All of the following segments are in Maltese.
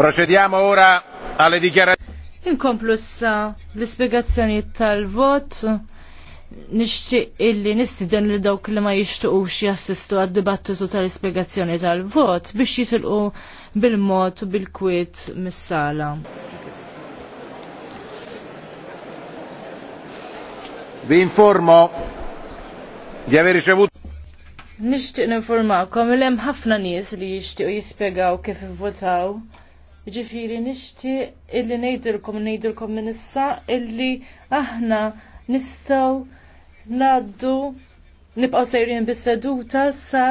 Procediamo ora alle dichiarazioni. Inkomplu issa l-ispiegazzjoni tal-vot. Nixtieq illi nistieden li dawk li ma jixtuqux jassistu għad-dibattitu tal-ispiegazzjoni tal-vot biex jitilqu bil-mod u bil-kwiet mis-sala. Vi informo di aver ricevuto Nixtieq ninformakom li hemm ħafna nies li jixtiequ jispjegaw kif ivvotaw. Ġifiri nishti illi nejdilkom, nejdilkom minissa illi aħna nistaw naddu nibqaw sejrin bis-seduta sa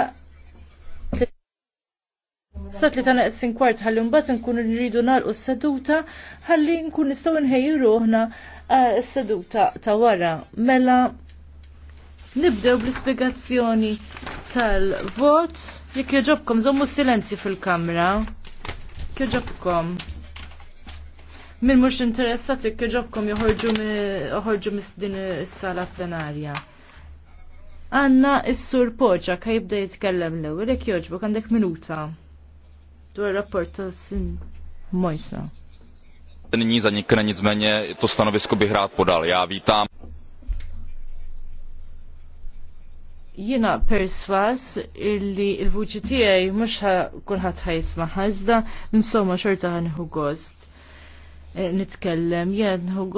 Sat li essin kwart ħalli mbagħad nkunu nridu nagħlqu s-seduta ħalli nkun nistgħu nħejju ruħna s-seduta ta' wara. Mela Nibdew bl-ispiegazzjoni tal-vot. Jekk joġobkom, zommu silenzju fil-kamra kieġobkom. Min mux interessati kieġobkom joħorġu mis din s sala plenarja. Anna is-sur poċa kaj jibda jitkellem l-ewel, jek joġbu għandek minuta. Dwar rapport ta' sin Mojsa. Nyní za některé nicméně to stanovisko bych rád podal. Ja, vitam. jina perswas illi il-vuċi tijaj mux kullħat ħajisma ħazda, insomma xorta ħanħu gost eh, nitkellem, jien ħu